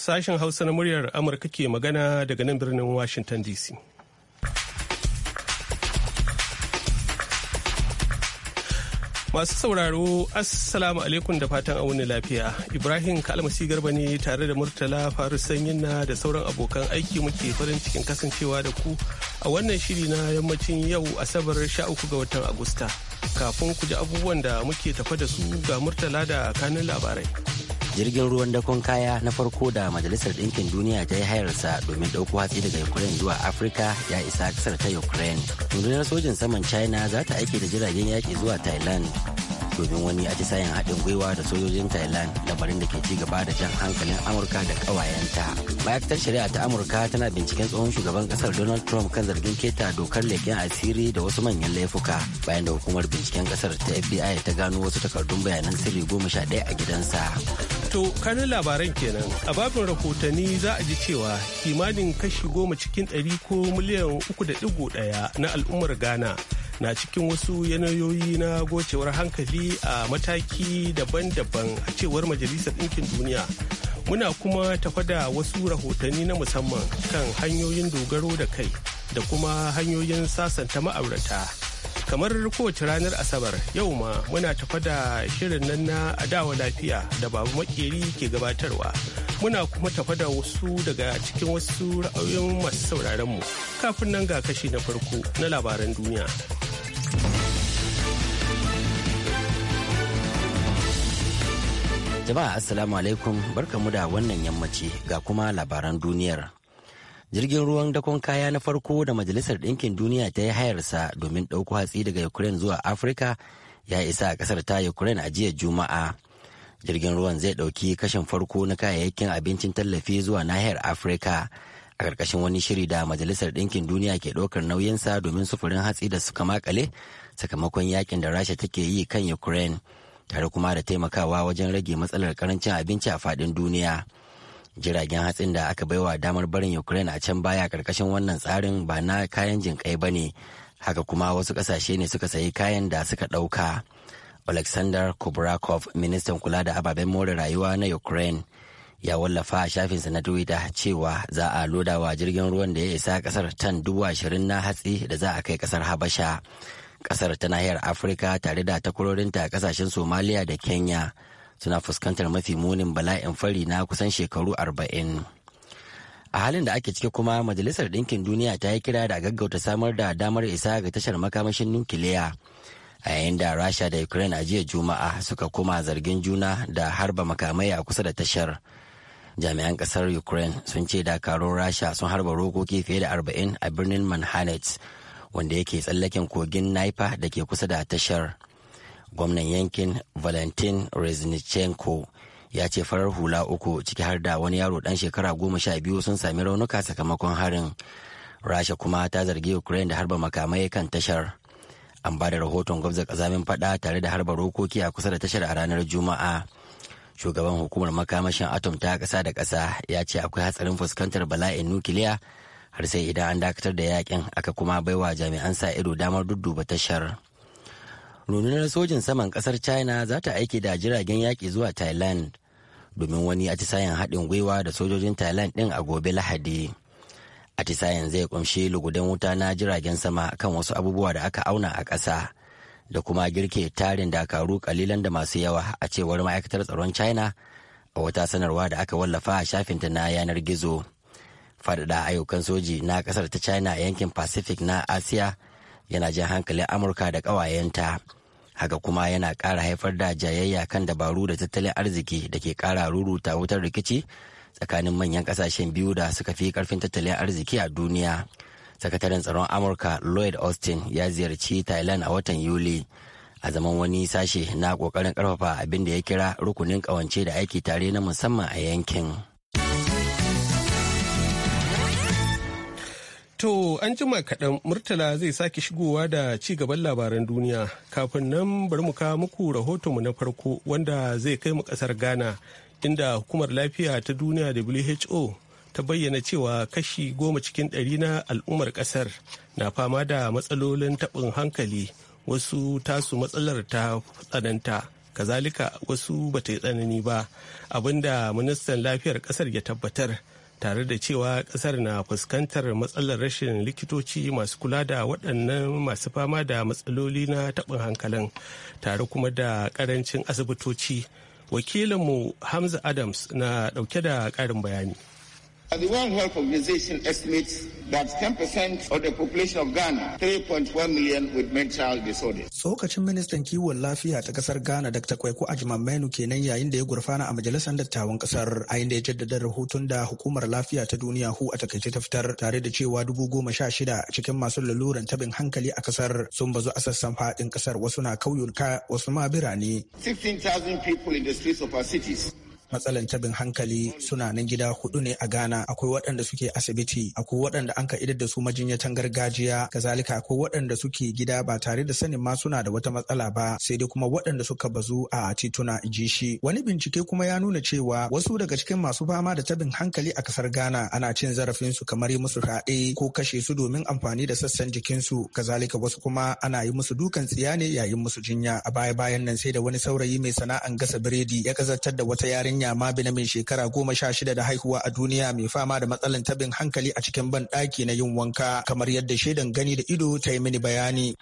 Sashen Hausa na muryar Amurka ke magana daga nan birnin Washington DC. Masu sauraro, Assalamu alaikum da fatan wani lafiya. Ibrahim Kalmasi Garba ne tare da Murtala faru-sanyi na da sauran abokan aiki muke farin cikin kasancewa da ku a wannan shiri na yammacin yau Asabar 13 ga watan Agusta. Kafin ku ji abubuwan da muke tafa da su ga Murtala da kanin labarai. jirgin ruwan dakon kaya na farko da majalisar ɗinkin duniya ta yi hayarsa domin ɗauko hatsi daga ukraine zuwa afirka ya isa kasar ta ukraine rundunar sojin saman china za ta aiki da jiragen yaƙi zuwa thailand domin wani atisayen haɗin gwiwa da sojojin thailand labarin da ke ci gaba da jan hankalin amurka da ƙawayenta ma'aikatar shari'a ta amurka tana binciken tsohon shugaban ƙasar donald trump kan zargin keta dokar leƙen asiri da wasu manyan laifuka bayan da hukumar binciken ƙasar ta fbi ta gano wasu takardun bayanan sirri goma sha ɗaya a gidansa To kanin labaran kenan a babin rahotanni za a ji cewa kimanin kashi goma cikin ɗari ko miliyan uku da ɗigo ɗaya na al'ummar Ghana na cikin wasu yanayoyi na gocewar hankali a mataki daban-daban a cewar Majalisar Ɗinkin Duniya. Muna kuma tafa da wasu rahotanni na musamman kan hanyoyin dogaro da kai da kuma hanyoyin sasanta ma'aurata. kamar kowace ranar asabar yau ma muna tafa da shirin nan na adawa lafiya da babu makeri ke gabatarwa muna kuma tafa da wasu daga cikin wasu ra'ayoyin masu sauraron mu kafin nan ga kashi na farko na labaran duniya jama'a assalamu alaikum barkamu da wannan yammaci ga kuma labaran duniyar jirgin ruwan dakon kaya na farko da majalisar ɗinkin duniya ta yi hayarsa domin ɗauko hatsi daga ukraine zuwa afirka ya isa a ƙasar ta ukraine a jiya juma'a jirgin ruwan zai ɗauki kashin farko na kayayyakin abincin tallafi zuwa nahiyar afirka a ƙarƙashin wani shiri da majalisar ɗinkin duniya ke ɗaukar nauyinsa domin sufurin hatsi da suka makale sakamakon yakin da rasha take yi kan ukraine tare kuma da taimakawa wajen rage matsalar karancin abinci a faɗin duniya. jiragen hatsin da aka baiwa damar barin ukraine a can baya karkashin wannan tsarin ba na kayan jinƙai ba ne haka kuma wasu ƙasashe ne suka sayi kayan da suka ɗauka alexander kubrakov ministan kula da ababen more rayuwa na ukraine ya wallafa a shafinsa na twitter cewa za a loda wa jirgin ruwan da ya isa kasar tan dubu ashirin na hatsi da za a kai kasar habasha kasar ta nahiyar afirka tare da takwarorinta kasashen somaliya da kenya suna fuskantar mafi munin bala'in fari na kusan shekaru arba'in. a halin da ake ciki kuma majalisar ɗinkin duniya ta yi kira da gaggauta samar da damar isa ga tashar makamashin nukiliya a yayin da rasha da ukraine a jiya juma'a suka koma zargin juna da harba makamai a kusa da tashar jami'an ƙasar ukraine sun ce dakarun rasha sun harba rokoki fiye da arba'in a birnin manhanet wanda yake tsallaken kogin naifa da ke kusa da tashar gwamnan yankin valentin reznichenko ya ce farar hula uku ciki har da wani yaro dan shekara goma sha biyu sun sami raunuka sakamakon harin rasha kuma ta zargi ukraine da harba makamai kan tashar an ba da rahoton gwamzar kazamin fada tare da harba rokoki a kusa da tashar a ranar juma'a shugaban hukumar makamashin atom ta kasa da kasa ya ce akwai hatsarin fuskantar bala'in nukiliya har sai idan an dakatar da yakin aka kuma baiwa jami'an sa ido damar dudduba tashar. rundunar sojin saman kasar china za ta aiki da jiragen yaƙi zuwa thailand domin wani atisayen haɗin gwiwa da sojojin thailand ɗin a gobe lahadi atisayen zai kunshi lugudan wuta na jiragen sama kan wasu abubuwa da aka auna a ƙasa da kuma girke tarin dakaru kalilan da masu yawa a cewar ma'aikatar tsaron china a wata sanarwa da aka wallafa a shafinta na yanar gizo faɗaɗa ayyukan soji na ƙasar ta china yankin pacific na asiya yana jan hankalin amurka da ƙawayenta haka kuma yana ƙara haifar da jayayya kan dabaru da tattalin arziki da ke ƙara ruruta wutar rikici tsakanin manyan ƙasashen biyu da suka fi ƙarfin tattalin arziki a duniya sakataren tsaron amurka lloyd austin ya ziyarci thailand a watan yuli a zaman wani sashe na ƙoƙarin ƙarfafa abin da ya kira rukunin ƙawance da aiki tare na musamman a yankin. To an jima kaɗan Murtala zai sake shigowa da ci gaban labaran duniya kafin nan bari mu kawo muku rahotonmu na farko wanda zai kai mu ƙasar Ghana inda hukumar lafiya ta duniya WHO ta bayyana cewa kashi goma cikin ɗari na al'ummar ƙasar na fama da matsalolin taɓin hankali wasu tasu matsalar ta tsananta kazalika wasu bata yi tsanani ba abinda ministan lafiyar ƙasar ya tabbatar. tare da cewa kasar na fuskantar matsalar rashin likitoci masu kula da waɗannan masu fama da matsaloli na taɓin hankalin tare kuma da ƙarancin asibitoci wakilinmu hamza adams na ɗauke da ƙarin bayani The World Health Organization estimates that 10% of the population of Ghana, 3.1 million with mental disorders. Tsokacin ministan kiwon lafiya ta kasar Ghana Dr. Ajman jimamenu kenan yayin da ya gurfana a majalisar dattawan kasar a inda ya jaddada rahoton da hukumar lafiya ta duniya Hu a takaice ta fitar tare da cewa dubu goma sha shida cikin masu laluran tabin hankali a kasar sun bazu a sassan faɗin kasar wasu na kauyuka wasu ma birane. 16,000 people in the streets of our cities matsalan tabin hankali suna nan gida hudu ne a Ghana akwai waɗanda suke asibiti akwai waɗanda an ka idar da su majinyatan gargajiya kazalika akwai waɗanda suke gida ba tare da sanin ma suna da wata matsala ba sai dai kuma waɗanda suka bazu a tituna ji shi wani bincike kuma ya nuna cewa wasu daga cikin masu fama da tabin hankali a kasar Ghana ana cin zarafin su kamar yi musu fyaɗe ko kashe su domin amfani da sassan jikinsu kazalika wasu kuma ana yi musu dukan tsiya ne yayin musu jinya a baya bayan nan sai da wani saurayi mai sana'an gasa biredi ya kazartar da wata yarinya ma mabila mai shekara goma sha shida da haihuwa a duniya mai fama da matsalan tabin hankali a cikin ban ɗaki na yin wanka kamar yadda shaidan gani da ido ta yi mini bayani.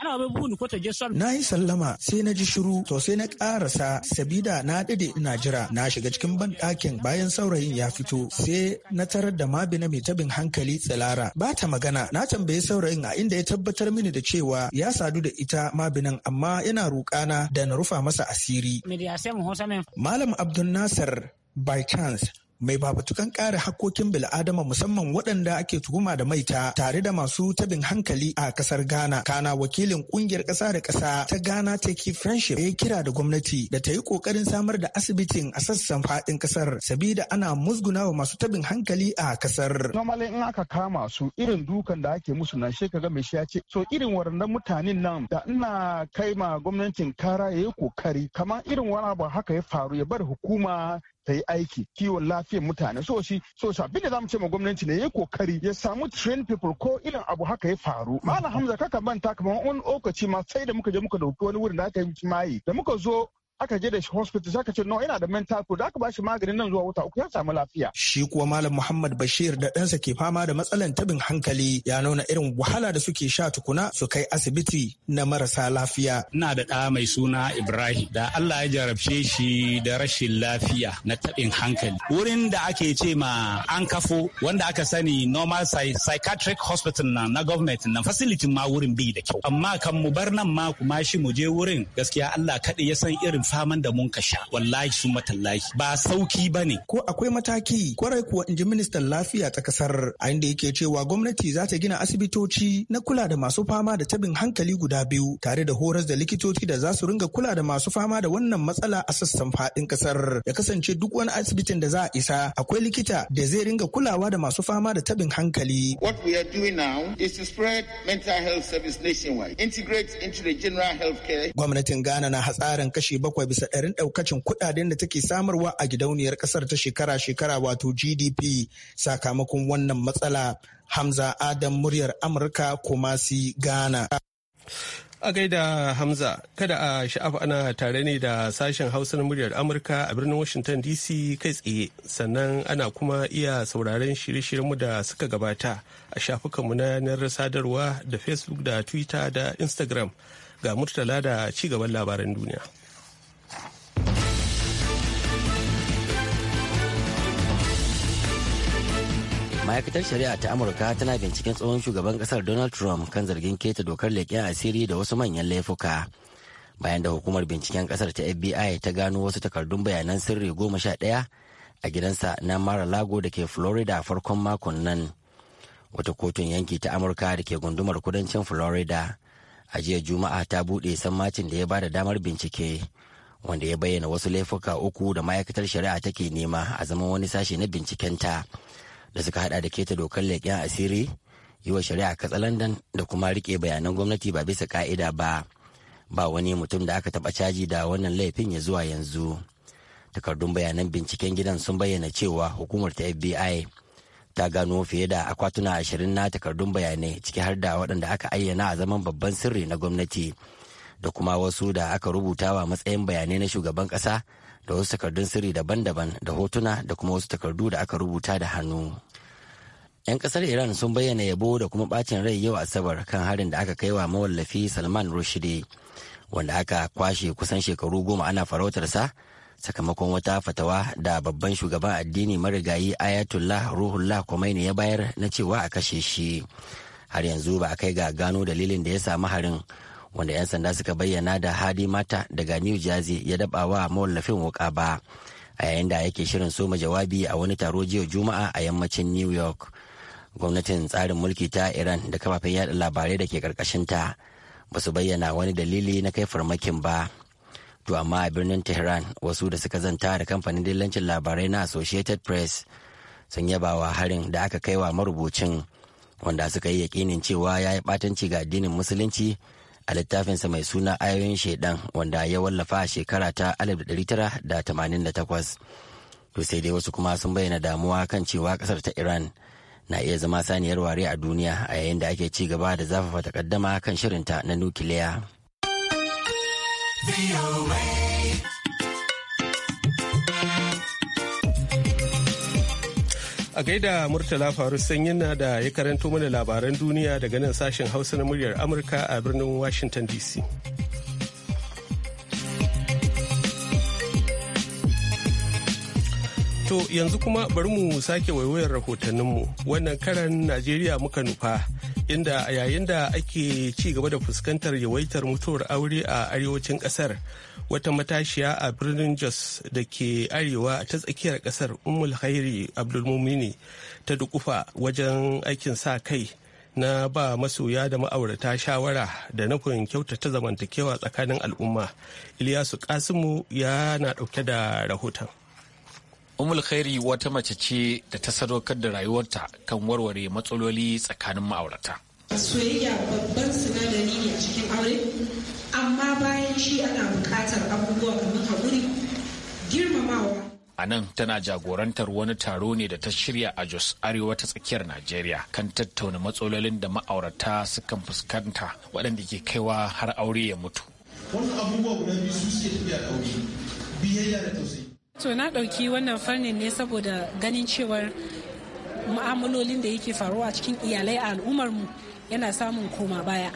Na yi sallama sai na ji shiru to sai na ƙarasa sabida na daɗe ina jira na shiga cikin ban ɗakin bayan saurayin ya fito sai na tarar da mabina mai tabin hankali tsilara ba ta magana na tambayi saurayin a inda ya tabbatar mini da cewa ya sadu da ita mabinan amma yana roƙana da na rufa masa asiri. Malam Abdul Nasir by chance mai babatukan kare hakkokin bil'adama musamman waɗanda ake tuhuma da maita tare da masu tabin hankali a ƙasar ghana kana wakilin ƙungiyar ƙasa da ƙasa ta ghana take friendship ya kira da gwamnati da ta yi ƙoƙarin samar da asibitin a sassan faɗin ƙasar sabida ana musguna wa masu tabin hankali a ƙasar. normally in aka kama su irin dukan da ake musu nan sai mai shi ya ce so irin waɗannan mutanen nan da ina kai ma gwamnatin kara ya yi ƙoƙari kamar irin wani abu haka ya faru ya bar hukuma ta yi aiki kiwon lafiyar mutane so shi so shi abinda za mu ce ma gwamnati ne ya yi kokari ya samu train people ko irin abu haka ya faru malam hamza kaka manta kamar wani lokaci ma sai da muka je muka dauki wani wurin da aka yi maye da muka zo aka je da shi hospital zaka ce no ina da mental code aka ba maganin nan zuwa wata uku ya samu lafiya shi kuwa malam muhammad bashir da ɗansa ke fama da matsalan tabin hankali ya nuna irin wahala da suke sha tukuna su kai asibiti na marasa lafiya ina da ɗa mai suna ibrahim da allah ya jarabce shi da rashin lafiya na tabin hankali wurin da ake ce ma an kafo wanda aka sani normal psychiatric hospital na na government na facility ma wurin bai da kyau amma kan mu bar nan ma kuma shi mu je wurin gaskiya allah kaɗai ya san irin faman da mun ka sha wallahi su matallahi ba sauki ba ne. Ko akwai mataki kwarai kuwa inji ministan lafiya ta kasar a inda yake cewa gwamnati za ta gina asibitoci na kula da masu fama da tabin hankali guda biyu tare da horas da likitoci da za su ringa kula da masu fama da wannan matsala a sassan faɗin kasar ya kasance duk wani asibitin da za a isa akwai likita da zai ringa kulawa da masu fama da tabin hankali. What we are doing now is to spread mental health service nationwide, integrate into the general health care. Gwamnatin Ghana na hatsarin kashe bakwai bakwai bisa ɗarin ɗaukacin kuɗaɗen da take samarwa a gidauniyar ƙasar ta shekara-shekara wato GDP sakamakon wannan matsala. Hamza Adam muryar Amurka Kumasi Ghana. A gaida Hamza, kada a sha'afa ana tare ne da sashen Hausa na muryar Amurka a birnin Washington DC kai tsaye, sannan ana kuma iya sauraren shirye-shiryenmu da suka gabata a shafukanmu na yanar sadarwa da Facebook da Twitter da Instagram ga Murtala da cigaban labaran duniya. ma'aikatar shari'a ta amurka tana binciken tsohon shugaban kasar donald trump kan zargin keta dokar leƙen asiri da wasu manyan laifuka bayan da hukumar binciken kasar ta fbi ta gano wasu takardun bayanan sirri goma sha ɗaya a gidansa na mara lago da ke florida farkon makon nan wata kotun yanki ta amurka da ke gundumar kudancin florida a jiya juma'a ta buɗe sammacin da ya ba da damar bincike wanda ya bayyana wasu laifuka uku da ma'aikatar shari'a take nema a zaman wani sashe na bincikenta. ta da suka hada da keta dokar leƙen asiri yi wa shari'a katsalandan da kuma rike bayanan gwamnati ba bisa ka'ida ba ba wani mutum da aka taba caji da wannan laifin ya zuwa yanzu takardun bayanan binciken gidan sun bayyana cewa hukumar ta fbi ta gano fiye da akwatuna ashirin na takardun bayanai ciki har da waɗanda aka ayyana a zaman babban sirri na gwamnati da kuma wasu da aka rubuta wa matsayin bayanai na shugaban ƙasa da wasu takardun sirri daban-daban da hotuna da kuma wasu takardu da aka rubuta da hannu. 'Yan kasar Iran sun bayyana yabo da kuma bacin rai yau Asabar kan harin da aka kai wa mawallafi Salman Rushdie wanda aka kwashe kusan shekaru goma ana farautarsa sakamakon wata fatawa da babban shugaban addini marigayi Ayatollah Ruhullah Khomeini ya bayar na cewa a kashe shi. Har yanzu ba a kai ga gano dalilin da ya samu harin. wanda 'yan sanda suka bayyana da hadi mata daga new jersey ya daba wa mawallafin wuka ba a yayin da yake shirin soma jawabi a wani taro jiya juma'a a yammacin new york gwamnatin tsarin mulki ta iran da kafafen yada labarai da ke karkashinta ba su bayyana wani dalili na kai farmakin ba to amma a birnin tehran wasu da suka zanta da kamfanin dillancin labarai na associated press sun yaba wa harin da aka kai wa marubucin wanda suka yi yaƙinin cewa ya yi ɓatanci ga addinin musulunci a littafinsa mai suna ayoyin shaidan wanda ya wallafa a shekara ta 1988 to sai dai wasu kuma sun bayyana damuwa kan cewa kasar ta iran na iya zama saniyar ware a duniya a yayin da ake ci gaba da zafafa takaddama kan shirinta na nukiliya. A gaida Murtala Faru Sanyin na da ya karanto mana labaran duniya daga nan sashen Hausa na muryar Amurka a birnin Washington DC. To yanzu kuma bari mu sake waiwayar rahotanninmu wannan karan Najeriya muka nufa inda a yayin da ake ci gaba da fuskantar yawaitar mutuwar aure a arewacin kasar wata matashiya a birnin jos da ke arewa ta tsakiyar kasar umul khairi abdulmumini ta dukufa wajen aikin sa kai na ba masoya da ma'aurata shawara da nufin kyautata zamantakewa tsakanin al'umma iliyasu kasimu yana dauke da rahoton Umul Khairi wata mace ce da ta sadaukar da rayuwarta kan warware matsaloli tsakanin ma'aurata. Soyayya babban sinadari ne a cikin aure, amma bayan shi ana buƙatar abubuwa kamar haƙuri, girmamawa. A nan tana jagorantar wani taro ne da ta shirya a Jos Arewa ta tsakiyar Najeriya kan tattauna matsalolin da ma'aurata sukan fuskanta waɗanda ke kaiwa har aure ya mutu. Wannan abubuwa guda biyu su suke tafiya da aure, biyayya da tausayi. so na ɗauki wannan fannin ne saboda ganin cewar mu'amalolin da yake faruwa cikin iyalai a al'ummarmu yana samun koma baya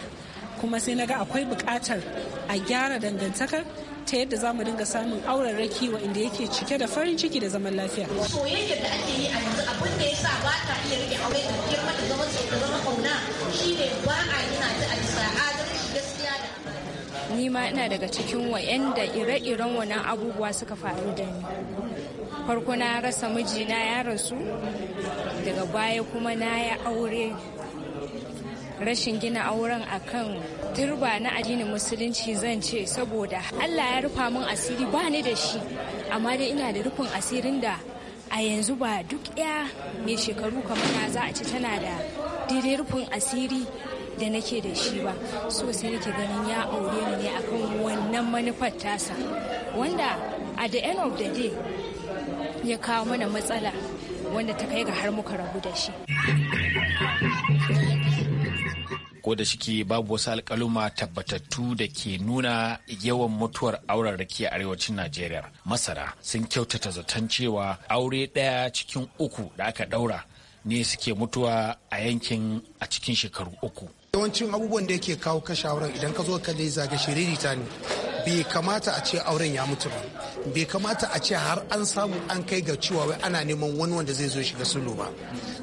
kuma sai na ga akwai buƙatar a gyara dangantakar ta yadda za mu dinga samun auren raki inda yake cike da farin ciki da zaman lafiya. Soyayyar da ake yi a yanzu abin da ya sa ba ta iya rike aure da girma da da zama shi ne ba a ta ni ma ina daga cikin wa'yanda ire-iren wannan abubuwa suka faru da ni farko na rasa mijina ya rasu daga baya kuma na ya aure rashin gina auren akan turba na addinin musulunci zan ce saboda allah ya rufa min asiri ba ni da shi amma dai ina da rufin asirin da a yanzu ba duk ya mai shekaru kamar na za a ci tana da daidai rufin asiri da nake da shi ba so sai nake ganin ya aure ni ne akan wannan manufar tasa wanda a the end of the day ya kawo mana matsala wanda ta kai ga har muka rabu da shi ko da shike babu wasu alkaluma tabbatattu da ke nuna yawan mutuwar auren rake a arewacin najeriya masara sun kyautata zaton cewa aure ɗaya cikin uku da aka ɗaura ne suke mutuwa a yankin a cikin shekaru uku yawancin abubuwan da yake kawo kashe auren idan ka zo ka dai zaga ta ne bai kamata a ce auren ya mutu ba bai kamata a ce har an samu an kai ga cewa wai ana neman wani wanda zai zo shiga sulu ba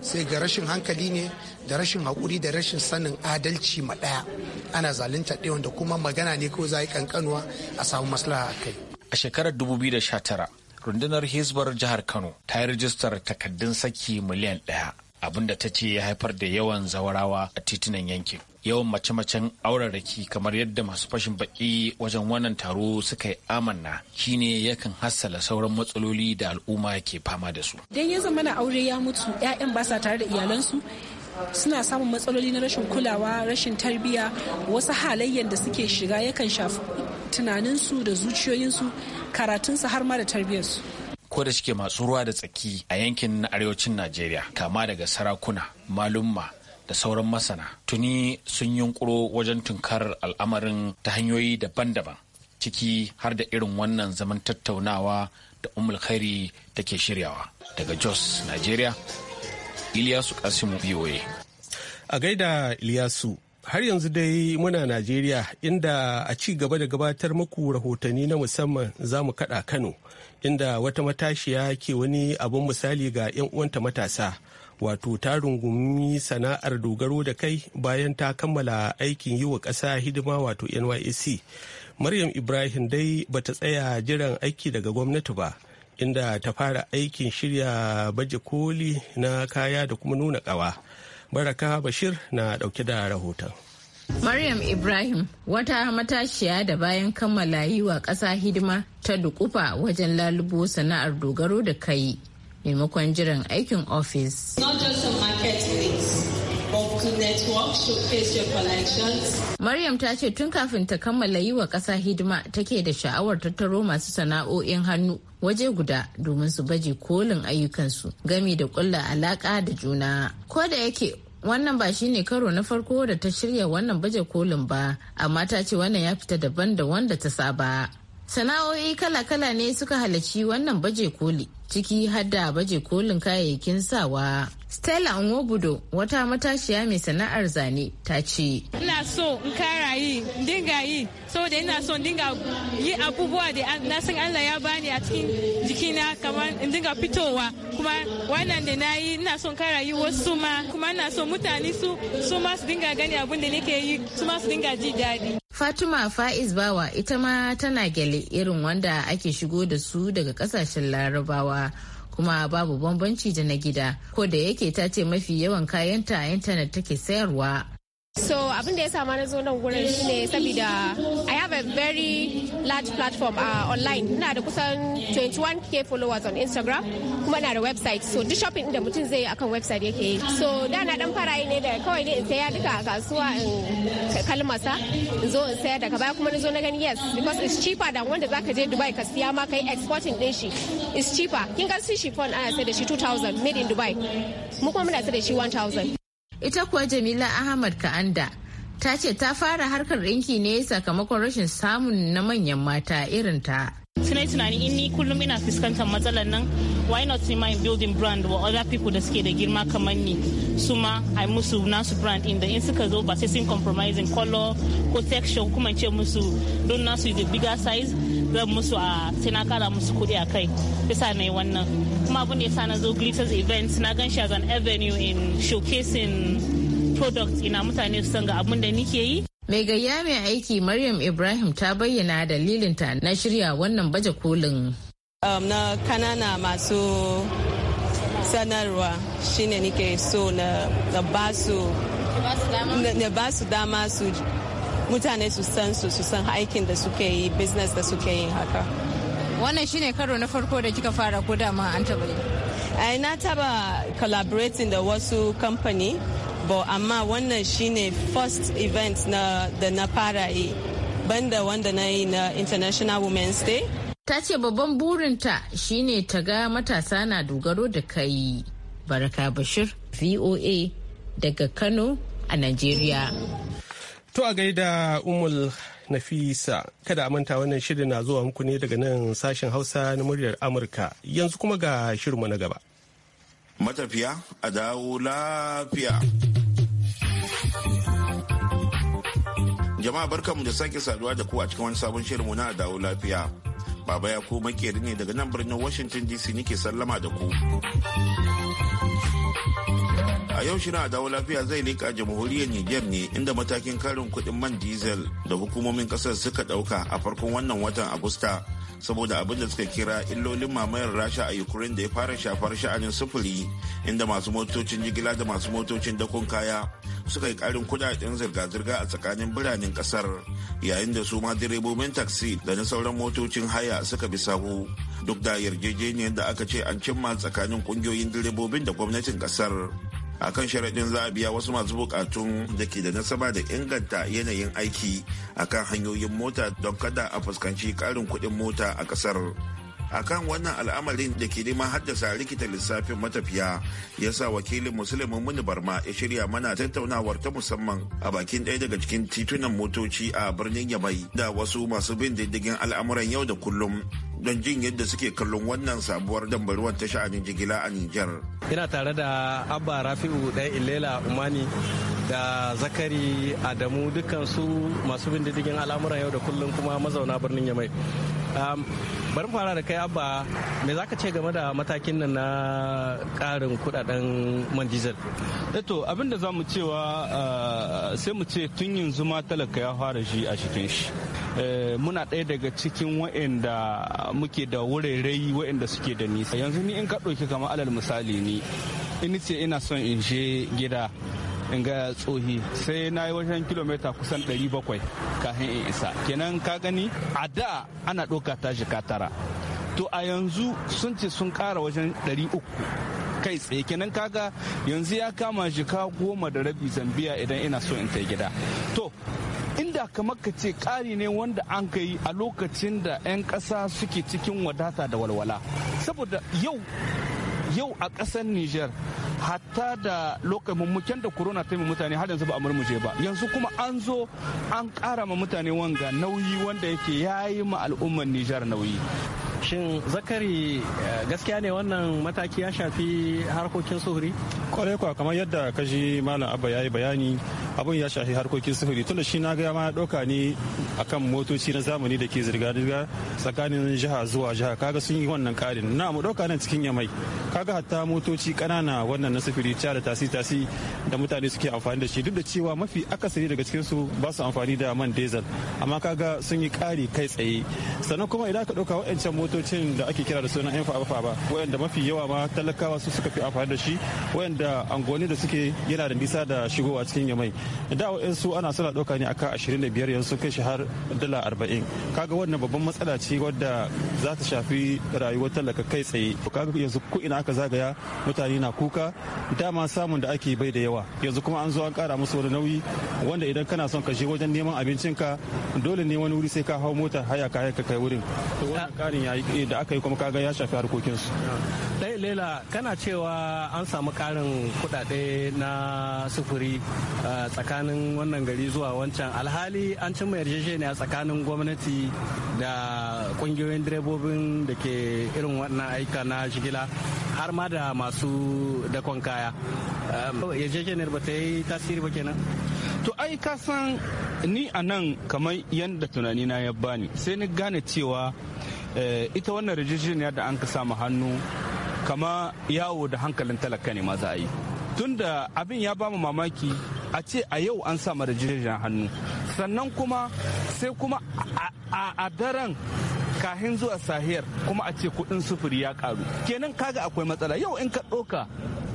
sai ga rashin hankali ne da rashin haƙuri da rashin sanin adalci ma ɗaya ana zalunta ɗaya wanda kuma magana ne ko za yi kankanuwa a samu maslaha a kai a shekarar 2019 rundunar hizbar jihar kano ta yi rijistar takaddun saki miliyan ɗaya da ta ce ya haifar da yawan zawarawa a titunan yankin yawan mace-macen auraraki kamar yadda masu fashin baki wajen wannan taro suka yi amanna shine yakan hassala sauran matsaloli da al'umma ke fama da su. Dan ya zama na aure ya mutu 'ya'yan ba sa tare da iyalansu suna samun matsaloli na rashin kulawa rashin tarbiyya wasu halayyar da suke shiga yakan shafi tunaninsu da zuciyoyinsu karatunsu har ma da tarbiyyarsu. ko da suke masu ruwa da tsaki a yankin arewacin najeriya kama daga sarakuna malumma da sauran masana tuni sun yunkuro wajen tunkar al'amarin ta hanyoyi daban-daban ciki har da irin wannan zaman tattaunawa da umul khairi take shiryawa daga jos Najeriya, iliyasu kasimu boa a gaida iliyasu har yanzu dai muna najeriya inda a ci gaba da gabatar muku rahotanni na musamman zamu mu kada kano inda wata matashiya ke wani abin misali ga 'yan uwanta matasa wato ta rungumi sana'ar dogaro da kai bayan ta kammala aikin yi wa ƙasa hidima wato nysc maryam ibrahim dai bata tsaya jiran aiki daga gwamnati ba inda ta fara aikin shirya baje koli na kaya da kuma nuna ƙawa baraka bashir na ɗauke da rahoton Maryam Ibrahim wata matashiya da bayan kammala yi wa ƙasa hidima ta dukufa wajen lalubo sana'ar dogaro da kai maimakon jiran aikin ofis. Maryam ta ce tun kafin ta kammala yi wa ƙasa hidima take da sha'awar tattaro masu sana'o'in hannu waje guda domin su baje kolin ayyukansu gami da ƙulla alaƙa da juna. Ko da yake wannan ba shine karo na farko da ta shirya wannan baje kolin ba amma ta ce wannan ya fita daban da wanda ta saba sana'o'i kala-kala ne suka halarci wannan baje koli ciki har baje kolin kayayyakin sawa Stella Nwobudo wata matashiya mai sana'ar zane ta ce. Ina so in kara yi, dinga yi, saboda ina so in dinga yi abubuwa da na san Allah ya bani a cikin jikina kamar in dinga fitowa. Kuma wannan da na yi ina so in kara yi wasu ma, kuma ina so mutane su su ma su dinga gani abin da nake yi, su ma su dinga ji daɗi. Fatima Faiz Bawa ita ma tana gyale irin wanda ake shigo da su daga kasashen Larabawa. kuma babu bambanci da na gida ko da yake ta ce mafi yawan kayanta a intanet take sayarwa So abin da ya sa na zo nan gurin shine saboda I have a very large platform uh, online. Ina da kusan 21k followers on Instagram kuma na da website. So duk shopping inda mutum zai akan website yake yi. So da na dan fara yi ne da kawai ne in saya duka a kasuwa in kalmasa in zo in saya daga baya kuma na zo na gani yes because it's cheaper than wanda zaka je Dubai ka siya ma kai exporting din shi. It's cheaper. Kin ga shi phone ana sai da shi 2000 made in Dubai. Mu kuma muna sai da shi 1000. ita kuwa jamila ahmad ka'anda ta ce ta fara harkar ɗinki ne sakamakon rashin samun na manyan mata irin ta. sai tunani in ni kullum ina fuskantar matsalar nan why not in my building brand wa other people da suke da girma kamar ni su ma ai musu nasu brand da in suka zo ba sai sun compromising color ko texture kuma ce musu don nasu the bigger size zan musu a sai na kara musu kuɗi a kai yasa na yi wannan kuma abin da yasa na zo glitters event na gan shi as an avenue in showcasing products ina mutane su san ga abin da nike yi Mai gayya mai aiki Maryam Ibrahim ta bayyana dalilinta na shirya wannan baje kolin. Um, na kanana masu sanarwa shine nike so na, na basu dama su mutane su san su su san aikin da suke yi business da suke yin haka wannan shine karo na farko da kika fara ko dama an taba yi na taba collaborating da wasu company amma wannan shine first event na da na fara yi banda wanda na yi na international women's day ta ce babban burinta shine ta ga matasa na dogaro da kai baraka bashir voa daga kano a nigeria to a gaida umul Nafisa kada a manta wannan shirin na zuwa muku ne daga nan sashen Hausa na muryar Amurka yanzu kuma ga shirinmu na gaba. matafiya a dawo lafiya. Jama'a barkanmu da sake saduwa da ku a cikin wani sabon shirinmu na dawo lafiya. Baba ya ku makeri ne daga nan birnin Washington DC nake sallama da ku. A yau shirin a dawo lafiya zai leƙa jamhuriyar Niger ne inda matakin karin kuɗin man diesel da hukumomin ƙasar suka ɗauka a farkon wannan watan Agusta saboda abin da suka kira illolin mamayar rasha a ukraine da ya fara shafar sha'anin sufuri inda masu motocin jigila da masu motocin dakon kaya suka yi karin kudaden zirga-zirga a tsakanin biranen kasar yayin da su ma direbobin taxi da na sauran motocin haya suka bi sahu duk da yarjejeniyar da aka ce an cimma tsakanin kungiyoyin direbobin da gwamnatin kasar akan sharaɗin za a biya wasu masu buƙatun da ke da nasaba da inganta yanayin aiki akan hanyoyin mota don kada a fuskanci ƙarin kuɗin mota a ƙasar. akan wannan al'amarin da ke neman haddasa rikita lissafin matafiya ya sa wakilin musulmin muni barma ya shirya mana tattaunawar ta musamman a bakin ɗaya daga cikin titunan motoci a birnin yamai da wasu masu bin diddigin al'amuran yau da kullum don jin yadda suke kallon wannan sabuwar dambarwar ta sha'anin jigila a Nijar. Ina tare da Abba Rafi'u ɗaya Ilela Umani da Zakari Adamu dukansu masu bin diddigin al'amuran yau da kullum kuma mazauna birnin Yamai. Um, bari fara da kai abba me za ka ce game da matakin nan na karin kudaden man diesel eto eh abinda za mu cewa uh, sai mu ce tun yanzu ma talaka ya fara shi a cikin shi eh, muna ɗaya daga cikin wa'inda muke da wurarai wa'inda suke da nisa yanzu ni in ka ɗauki kama alal misali ni in ce ina son in je gida in ga tsohi sai na yi wajen kilomita kusan 700 kafin in isa kenan ka gani a da ana ɗauka ta shi tara to a yanzu sun ce sun ƙara wajen 300 kai tsaye kenan kaga yanzu ya kama jika goma da rabi zambiya idan ina so in ta gida to inda kamar ka ce ƙari ne wanda an ka a lokacin da 'yan ƙasa suke cikin wadata da walwala saboda yau yau a ƙasar Nijar hatta da lokacin da corona ta yi mutane har yanzu ba a murmuje ba yanzu kuma an zo an ƙara ma mutane wanga nauyi wanda yake yayi ma al'ummar Nijar nauyi shin zakari eh, gaskiya ne wannan mataki ya shafi harkokin suhuri kwarai kwa kamar yadda kaji malam abba ya yi bayani abin ya shafi harkokin suhuri tunda shi na gaya ma doka ne akan motoci na zamani da ke zirga-zirga tsakanin jiha zuwa jiha kaga sun yi wannan karin na mu doka nan cikin yamai kaga hatta motoci ƙanana wannan na sufuri ta da tasi tasi da mutane suke amfani da shi duk da cewa mafi akasari daga cikin su ba su amfani da man diesel amma kaga sun yi kari kai tsaye sannan kuma idan ka ɗauka waɗancan motocin da ake kira da sunan yan fafa ba wayanda mafi yawa ma talakawa su suka fi amfani da shi wayanda angoni da suke yana da nisa da shigowa cikin yamai da su ana suna ɗauka ne aka 25 yanzu kai shi har dala 40 kaga wannan babban matsala ce wadda za ta shafi rayuwar talaka kai tsaye kaga yanzu ku ina aka zagaya mutane na kuka dama samun da ake bai da yawa yanzu kuma an zo an kara musu wani nauyi wanda idan kana son ka je wajen neman abincinka dole ne wani wuri sai ka hau mota haya ka ka kai wurin to wannan karin yayi da aka yi kuma kaga ya shafi harkokinsu. Dai Lela kana cewa an samu karin kuɗaɗe na sufuri tsakanin wannan gari zuwa wancan alhali an cimma yarjejeniya tsakanin gwamnati da ƙungiyoyin direbobin da ke irin wannan aika na shigila har ma da masu dakon kaya. Yarjejeniyar ba ta yi tasiri ba kenan? To ai ka san ni a nan kamar yadda tunanina ya bani sai ni gane cewa Eh, ita wannan rijijiniya da an ka samu hannu kama yawo da hankalin talaka ne ma za a yi tunda abin ya bamu mamaki a ce a yau an samu rijijin hannu sannan kuma sai kuma a daren kahin zuwa sahiyar kuma a ce kudin sufuri ya karu kenan kaga akwai matsala yau in ka ɗoka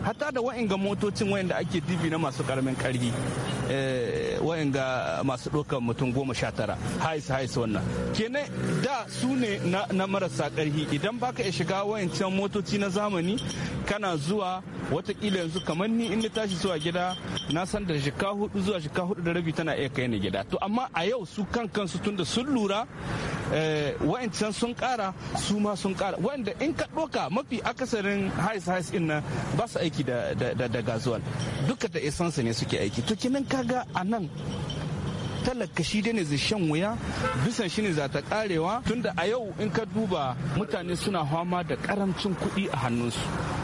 hatta da wa'inga motocin wa'inda ake dibi na masu karamin karfi eh, wa'inga masu ɗaukar mutum goma sha tara hais hais wannan kenan da su ne na marasa karfi idan baka ya shiga wa'incan motoci na zamani kana zuwa watakila yanzu kamar ni in tashi zuwa gida na san da shika hudu zuwa shika hudu da rabi tana iya kai ni gida to amma a yau su kan kansu tunda sun lura eh, wa'ancan sun kara su ma sun kara wa'anda in ka ɗoka mafi akasarin hais hais in nan ba su aiki aiki da gazuwal duka da esansa ne suke aiki to kinan kaga a nan talaka shi dai zai shan wuya bisan shi ne za ta karewa tunda a yau in ka duba mutane suna fama da karancin kuɗi a hannunsu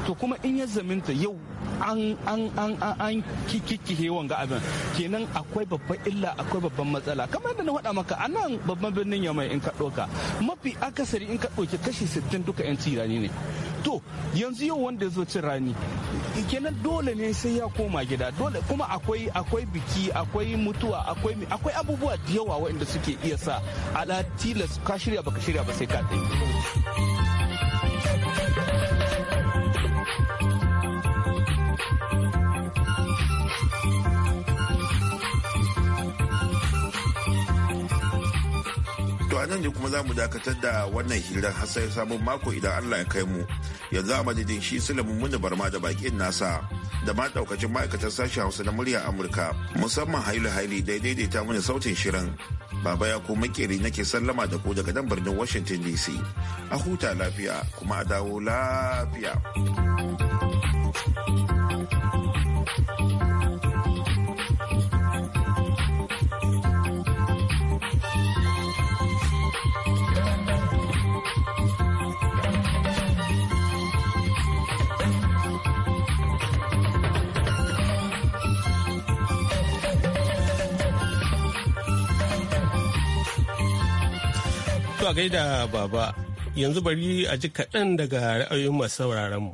to kuma in ya zaminta yau an an an an kikikihe wanga abin kenan akwai babban illa akwai babban matsala kamar da na faɗa maka a nan babban birnin yamai in ka ɗoka mafi akasari in ka ɗauki kashi 60 duka 'yan tirani ne to yanzu yau wanda ya zo cin rani kenan dole ne sai ya koma gida dole kuma akwai akwai biki akwai mutuwa akwai akwai abubuwa da yawa waɗanda suke iya sa ala tilas ka shirya baka shirya ba sai ka tsaye a nan ne kuma za mu dakatar da wannan hirar hasar sabon mako idan Allah ya kai mu. Yanzu a madadin shi Sulaiman Muni Barma da bakin nasa da ma daukacin ma'aikatar sashen Hausa na murya Amurka musamman Hailu Haili da daidaita mana sautin shirin. Baba ya ko makeri nake sallama da ku daga nan birnin Washington DC. A huta lafiya kuma a dawo lafiya. To a gaida baba yanzu bari a ji kaɗan daga ra'ayoyin masu sauraron mu.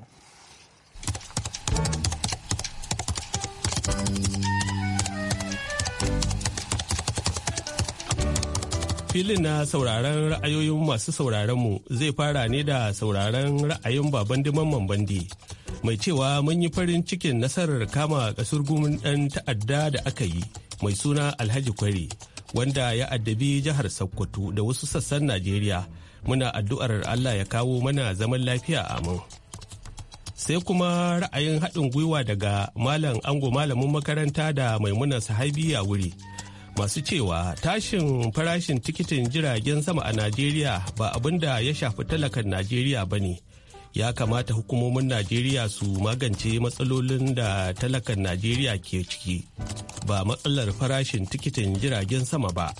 filin na sauraron ra'ayoyin masu sauraron mu zai fara ne da sauraron ra'ayin baban diman bandi mai cewa mun yi farin cikin nasarar kama ga surgumin ɗan ta'adda da aka yi mai suna alhaji kwari wanda ya addabi jihar Sokoto da wasu sassan Najeriya. Muna addu'ar Allah ya kawo mana zaman lafiya amin. Sai kuma ra'ayin haɗin gwiwa daga Malam Ango Malamin makaranta da Maimuna Sahabiya wuri. Masu cewa tashin farashin tikitin jiragen sama a Najeriya ba abin da ya shafi talakan Najeriya ba ne. ya kamata hukumomin najeriya su magance matsalolin da talakan najeriya ke ciki ba matsalar farashin tikitin jiragen sama ba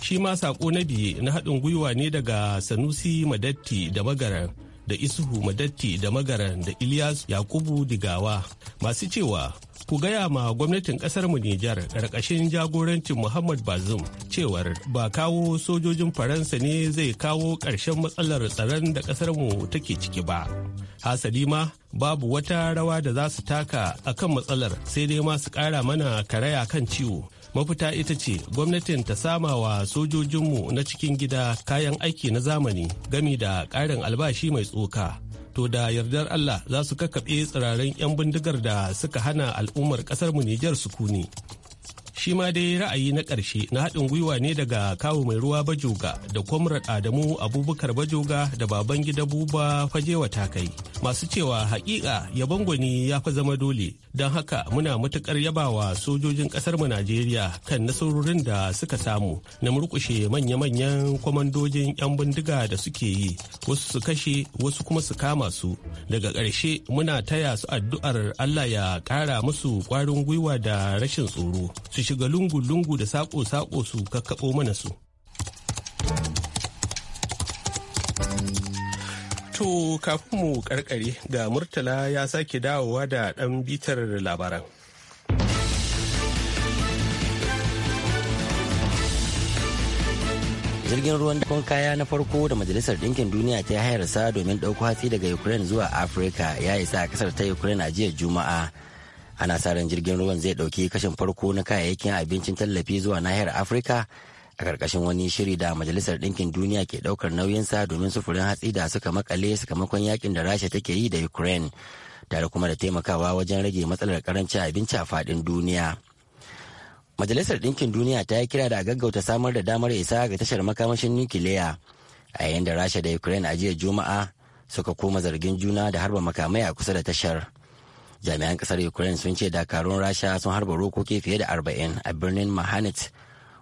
shi ma saƙo na biye na haɗin gwiwa ne daga sanusi madatti da magaran da isuhu madatti da magaran da Iliyas yakubu digawa masu cewa ku gaya ma gwamnatin kasar mu Nijar ƙarƙashin jagorancin Muhammad Bazoum cewar ba kawo sojojin Faransa ne zai kawo ƙarshen matsalar tsaron da kasar mu take ciki ba. Hasali ma babu wata rawa da za su taka akan matsalar sai dai masu su ƙara mana karaya kan ciwo. Mafita ita ce gwamnatin ta sama wa sojojinmu na cikin gida kayan aiki na zamani gami da ƙarin albashi mai tsoka. to da yardar Allah za su kakkaɓe tsirarin 'yan bindigar da suka hana al'ummar ƙasar mu Nijar sukuni. shi ma dai ra'ayi na ƙarshe na haɗin gwiwa ne daga kawo mai ruwa bajoga da kwamrat adamu abubakar bajoga da baban gida buba fajewa ta kai masu cewa haƙiƙa yabon gwani ya fi zama dole don haka muna matuƙar yabawa sojojin ƙasar mu najeriya kan nasarorin da suka samu na murƙushe manya-manyan kwamandojin 'yan bindiga da suke yi wasu su kashe wasu kuma su kama su daga ƙarshe muna taya su addu'ar allah ya ƙara musu ƙwarin gwiwa da rashin tsoro su shiga lungu-lungu da saƙo-saƙo su kakkaɓo mana su. To kafin mu karkare ga Murtala ya sake dawowa da ɗan bitar labaran. jirgin ruwan dakon kaya na farko da majalisar ɗinkin duniya ta hayarsa domin ɗauko hatsi daga ukraine zuwa afirka ya isa a ƙasar ta ukraine a jiya juma'a ana sa ran jirgin ruwan zai ɗauki kashin farko na kayayyakin abincin tallafi zuwa nahiyar afirka a ƙarƙashin wani shiri da majalisar ɗinkin duniya ke ɗaukar nauyinsa domin sufurin hatsi da suka makale sakamakon yakin da rasha take yi da ukraine tare kuma da taimakawa wajen rage matsalar karancin abinci a faɗin duniya majalisar ɗinkin duniya ta yi kira da gaggauta samar da damar isa ga tashar makamashin nukiliya a yayin da rasha da ukraine a jiya juma'a suka koma zargin juna da harba makamai a kusa da tashar jami'an kasar ukraine sun ce dakarun rasha sun harba rokoki fiye da arba'in a birnin mahanit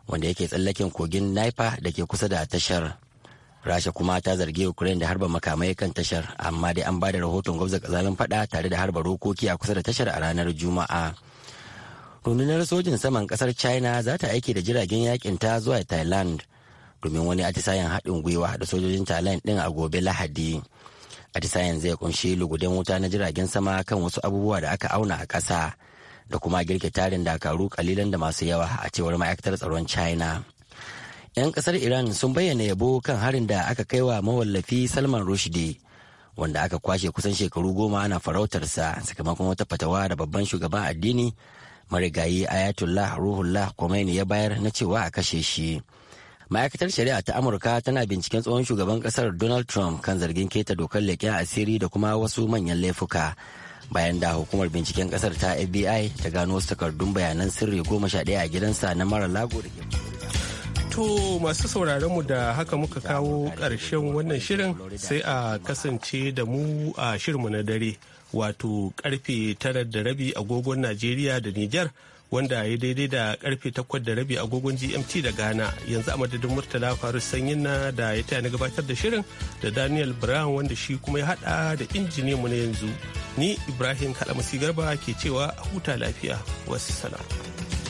wanda yake tsallaken kogin naifa da ke kusa da tashar rasha kuma ta zargi ukraine da harba makamai kan tashar amma dai an ba da rahoton gwamza kazalin fada tare da harba rokoki a kusa da tashar a ranar juma'a rundunar sojin saman kasar china za ta aiki da jiragen yakin ta zuwa thailand domin wani atisayen haɗin gwiwa da sojojin thailand din a gobe lahadi atisayen zai kunshi lugudan wuta na jiragen sama kan wasu abubuwa da aka auna a ƙasa da kuma girke tarin dakaru kalilan da masu yawa a cewar ma'aikatar tsaron china 'yan kasar iran sun bayyana yabo kan harin da aka kai wa mawallafi salman rushdie wanda aka kwashe kusan shekaru goma ana farautarsa sakamakon wata fatawa da babban shugaban addini marigayi ayatollah ruhullah khomeini ya bayar na cewa a kashe shi ma'aikatar shari'a ta amurka tana binciken tsohon shugaban kasar donald trump kan zargin keta dokar leƙen asiri da kuma wasu manyan laifuka bayan da hukumar binciken kasar ta fbi ta gano wasu takardun bayanan sirri goma sha ɗaya a gidansa na mara lago da ke To masu sauraronmu da haka muka kawo ƙarshen wannan shirin sai a kasance da mu a shirinmu na dare wato karfe tara da rabi agogon Najeriya da Nijar. wanda ya daidai da karfe takwas da rabi agogon gmt da ghana yanzu a madadin murtala faru sanyin na da ya taya na gabatar da shirin da daniel brown wanda shi kuma ya hada da injiniyan mu na yanzu ni ibrahim kalamasi garba ke cewa a huta lafiya wasu salam